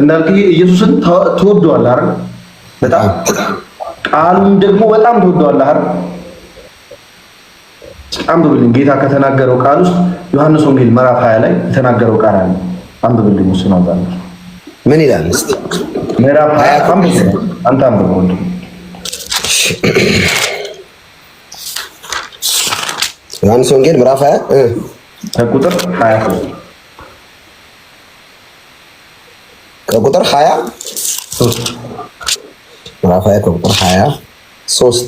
እንዳልክዬ ኢየሱስን ትወደዋለህ አይደል? በጣም ቃሉን ደግሞ በጣም ትወደዋለህ አይደል? አንብብልን። ጌታ ከተናገረው ቃል ውስጥ ዮሐንስ ወንጌል ምዕራፍ 20 ላይ የተናገረው ቃል አለ። አንብብልን። እሱን አውጣለሁ። ምን ይላል እስቲ? ምዕራፍ 20 አንብብ። አንተ አንብብ ወንድም ዮሐንስ ወንጌል ምዕራፍ 20 ከቁጥር 20 ከቁጥር ሀያ ምዕራፍ 20 ከቁጥር ሶስት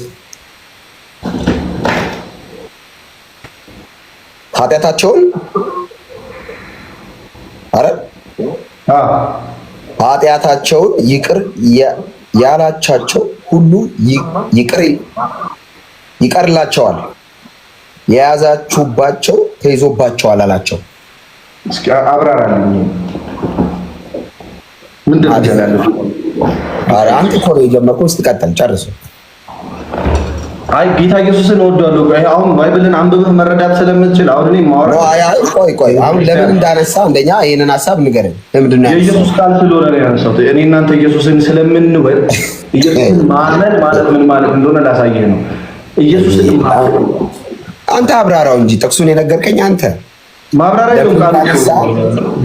ኃጢአታቸውን አረ ኃጢአታቸውን ይቅር ያላቻቸው ሁሉ ይቅር ይቀርላቸዋል የያዛችሁባቸው ተይዞባቸዋል አላቸው። እስኪ አብራራልኝ። ምንድን አንተ እኮ ነው የጀመርከው። እስኪ ቀጥል ጨርሱ። አይ ጌታ ኢየሱስን እወዳለሁ። አሁን ባይብልን አንብበህ መረዳት ስለምትችል አሁን እኔ ማወራ ቆይ ቆይ፣ አሁን ለምን እንዳነሳ አንደኛ ይሄንን ሀሳብ ንገረኝ። ለምንድን ነው የኢየሱስ ቃል ስለሆነ ነው ያነሳሁት። እኔ እናንተ ኢየሱስን ስለምንወድ ኢየሱስን ማመን ማለት ምን ማለት እንደሆነ ላሳየህ ነው። ኢየሱስን አንተ አብራራው እንጂ ጥቅሱን የነገርከኝ አንተ ማብራሪያ ነው ቃል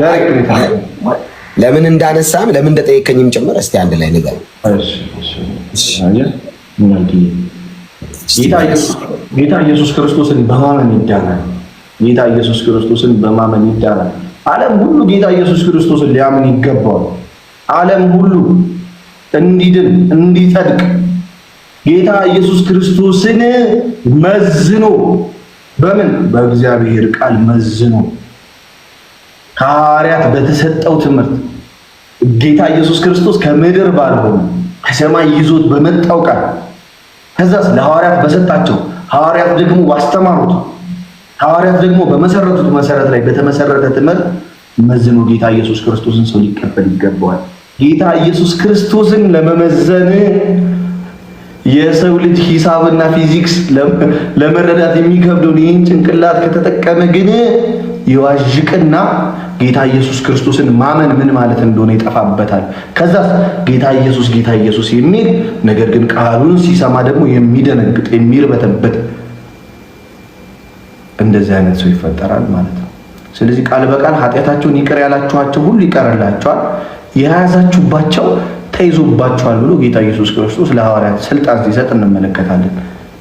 ዳይሬክት ነው ለምን እንዳነሳም ለምን እንደጠየከኝም ጭምር እስቲ አንድ ላይ ንገር። ጌታ ኢየሱስ ክርስቶስን በማመን ይዳናል። ጌታ ኢየሱስ ክርስቶስን በማመን ይዳናል። ዓለም ሁሉ ጌታ ኢየሱስ ክርስቶስን ሊያምን ይገባዋል። ዓለም ሁሉ እንዲድን እንዲጸድቅ ጌታ ኢየሱስ ክርስቶስን መዝኖ በምን በእግዚአብሔር ቃል መዝኖ ከሐዋርያት በተሰጠው ትምህርት ጌታ ኢየሱስ ክርስቶስ ከምድር ባልሆነ ከሰማይ ይዞት በመጣው ቃል ከዛስ ለሐዋርያት በሰጣቸው ሐዋርያት ደግሞ ባስተማሩት ሐዋርያት ደግሞ በመሰረቱት መሰረት ላይ በተመሰረተ ትምህርት መዝኖ ጌታ ኢየሱስ ክርስቶስን ሰው ሊቀበል ይገባዋል። ጌታ ኢየሱስ ክርስቶስን ለመመዘን የሰው ልጅ ሂሳብና ፊዚክስ ለመረዳት የሚከብደውን ይህን ጭንቅላት ከተጠቀመ ግን ይዋዥቅና ጌታ ኢየሱስ ክርስቶስን ማመን ምን ማለት እንደሆነ ይጠፋበታል። ከዛ ጌታ ኢየሱስ ጌታ ኢየሱስ የሚል ነገር ግን ቃሉን ሲሰማ ደግሞ የሚደነግጥ የሚርበተበት እንደዚህ አይነት ሰው ይፈጠራል ማለት ነው። ስለዚህ ቃል በቃል ኃጢአታቸውን ይቅር ያላችኋቸው ሁሉ ይቀርላቸዋል፣ የያዛችሁባቸው ተይዞባችኋል ብሎ ጌታ ኢየሱስ ክርስቶስ ለሐዋርያት ስልጣን ሲሰጥ እንመለከታለን።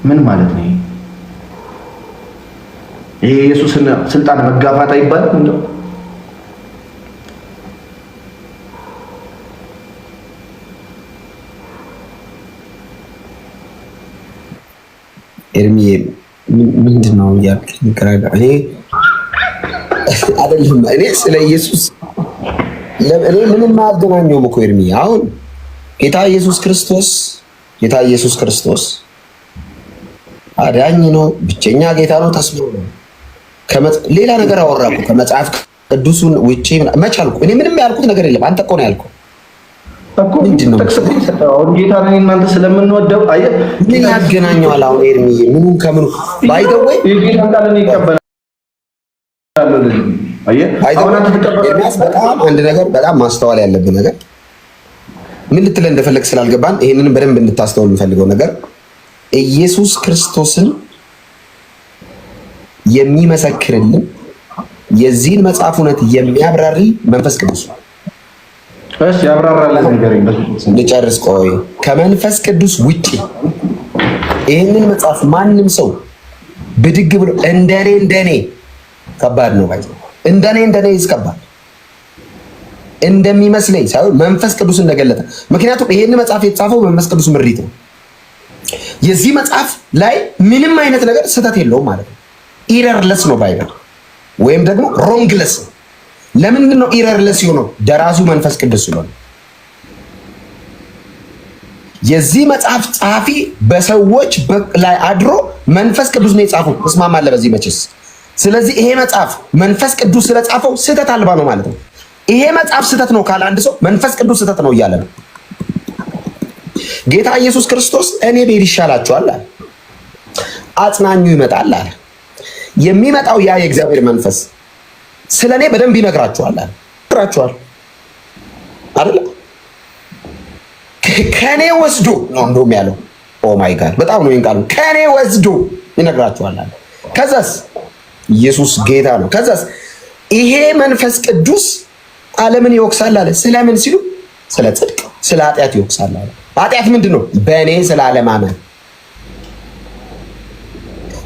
ምን ማለት ነው? ይሄ ኢየሱስን ስልጣን መጋፋት አይባልም እንደው ኤርሚ ምንድን ነው እያልክ ንገራለ። እኔ አይደለም እኔ ስለ ኢየሱስ እኔ ምንም አያገናኘውም እኮ ኤርሚ። አሁን ጌታ ኢየሱስ ክርስቶስ ጌታ ኢየሱስ ክርስቶስ አዳኝ ነው፣ ብቸኛ ጌታ ነው፣ ተስኖ ነው ሌላ ነገር አወራኩ ከመጽሐፍ ቅዱሱን ውጭ መች አልኩ። እኔ ምንም ያልኩት ነገር የለም። አንተ እኮ ነው ያልኩህ። አሁን ጌታ ምን ያገናኘዋል? አሁን ኤርሚዬ ምኑ ከምኑ ባይደወይ በጣም አንድ ነገር በጣም ማስተዋል ያለብህ ነገር ምን ልትለን እንደፈለግ ስላልገባን ይህንን በደንብ እንድታስተውል የምፈልገው ነገር ኢየሱስ ክርስቶስን የሚመሰክርልን የዚህን መጽሐፍ እውነት የሚያብራሪ መንፈስ ቅዱስ ነው። እሺ ነገር ይበል ልጨርስ። ቆይ ከመንፈስ ቅዱስ ውጪ ይህንን መጽሐፍ ማንም ሰው ብድግ ብሎ እንደኔ እንደኔ ከባድ ነው ባይ እንደኔ እንደኔ ይስከባል እንደሚመስለኝ ሳይሆን መንፈስ ቅዱስ እንደገለጠ። ምክንያቱም ይህን መጽሐፍ የተጻፈው መንፈስ ቅዱስ ምሪት ነው። የዚህ መጽሐፍ ላይ ምንም አይነት ነገር ስህተት የለውም ማለት ነው። ኢረርለስ ነው ባይበል ወይም ደግሞ ሮንግለስ ነው። ለምንድን ነው ኢረርለስ የሆነው? ደራሲው መንፈስ ቅዱስ ስለሆነ። የዚህ መጽሐፍ ጸሐፊ በሰዎች ላይ አድሮ መንፈስ ቅዱስ ነው የጻፈው። እስማማለሁ በዚህ መቼስ። ስለዚህ ይሄ መጽሐፍ መንፈስ ቅዱስ ስለጻፈው ስህተት አልባ ነው ማለት ነው። ይሄ መጽሐፍ ስህተት ነው ካለ አንድ ሰው መንፈስ ቅዱስ ስህተት ነው እያለ ነው። ጌታ ኢየሱስ ክርስቶስ እኔ ብሄድ ይሻላችኋል አለ። አጽናኙ ይመጣል አለ። የሚመጣው ያ የእግዚአብሔር መንፈስ ስለ እኔ በደንብ ይነግራችኋል ይነግራችኋል አይደለ ከእኔ ወስዶ ነው እንደውም ያለው ኦ ማይ ጋድ በጣም ነው ይንቃሉ ቃሉ ከእኔ ወስዶ ይነግራችኋል አለ ከዛስ ኢየሱስ ጌታ ነው ከዛስ ይሄ መንፈስ ቅዱስ ዓለምን ይወቅሳል አለ ስለምን ሲሉ ስለ ጽድቅ ስለ ኃጢአት ይወቅሳል አለ ኃጢአት ምንድን ነው በእኔ ስለ አለማመን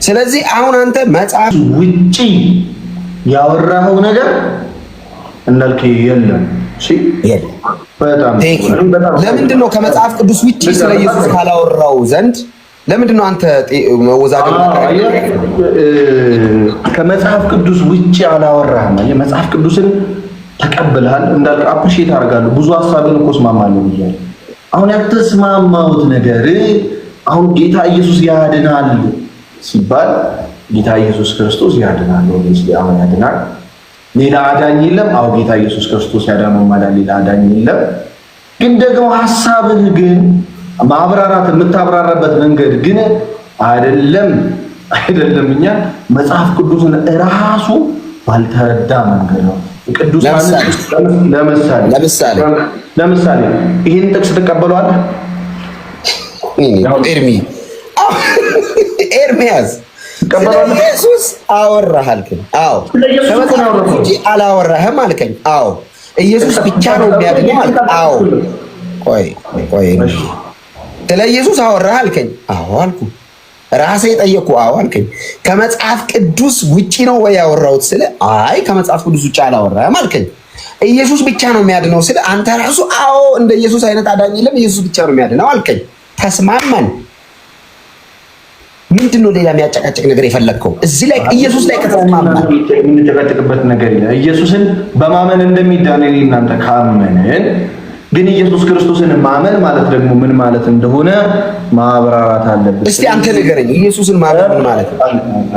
ስለዚህ አሁን አንተ መጽሐፍ ውጪ ያወራኸው ነገር እንዳልክ የለም። ለምንድን ነው ከመጽሐፍ ቅዱስ ውጪ ስለ ኢየሱስ ካላወራው ዘንድ ለምንድን ነው አንተ መወዛገብ? ከመጽሐፍ ቅዱስ ውጪ አላወራህም። መጽሐፍ ቅዱስን ተቀብልሃል እንዳልክ አፕሪሼት አደርጋለሁ። ብዙ ሀሳብን እኮ እስማማለሁ ብያለሁ። አሁን ያልተስማማሁት ነገር አሁን ጌታ ኢየሱስ ያድናል ሲባል ጌታ ኢየሱስ ክርስቶስ ያድናል። ኦብቪየስሊ አሁን ያድናል። ሌላ አዳኝ የለም። አዎ ጌታ ኢየሱስ ክርስቶስ ያዳነው ማዳን ሌላ አዳኝ የለም። ግን ደግሞ ሐሳብህ ግን ማብራራት የምታብራራበት መንገድ ግን አይደለም አይደለም። እኛ መጽሐፍ ቅዱስን እራሱ ባልተረዳ መንገድ ነው። ቅዱሳን ለምሳሌ ለምሳሌ ለምሳሌ ይህን ጥቅስ ትቀበለዋለህ ኤርሚ ኤርሚያስ ኢየሱስ አወራህ አልከኝ። አዎ እንጂ አላወራህም አልከኝ። አዎ ኢየሱስ ብቻ ነው የሚያገኘው አልከኝ። አዎ ቆይ ቆይ፣ ስለ ኢየሱስ አወራህ አልከኝ። አዎ አልኩ። ራሴ ጠየቅኩ። አዎ አልከኝ። ከመጽሐፍ ቅዱስ ውጪ ነው ወይ ያወራሁት? ስለ አይ ከመጽሐፍ ቅዱስ ውጪ አላወራህም አልከኝ። ኢየሱስ ብቻ ነው የሚያድነው ስለ አንተ ራሱ አዎ እንደ ኢየሱስ አይነት አዳኝ የለም፣ ኢየሱስ ብቻ ነው የሚያድነው አልከኝ። ተስማማን። ምንድን ነው ሌላ የሚያጨቃጭቅ ነገር የፈለግከው? እዚህ ላይ ኢየሱስ ላይ ከተማመን የምንጨቃጨቅበት ነገር ኢየሱስን በማመን እንደሚዳን እናንተ ካመንን ግን ኢየሱስ ክርስቶስን ማመን ማለት ደግሞ ምን ማለት እንደሆነ ማብራራት አለብን። እስቲ አንተ ንገረኝ፣ ኢየሱስን ማመን ምን ማለት ነው?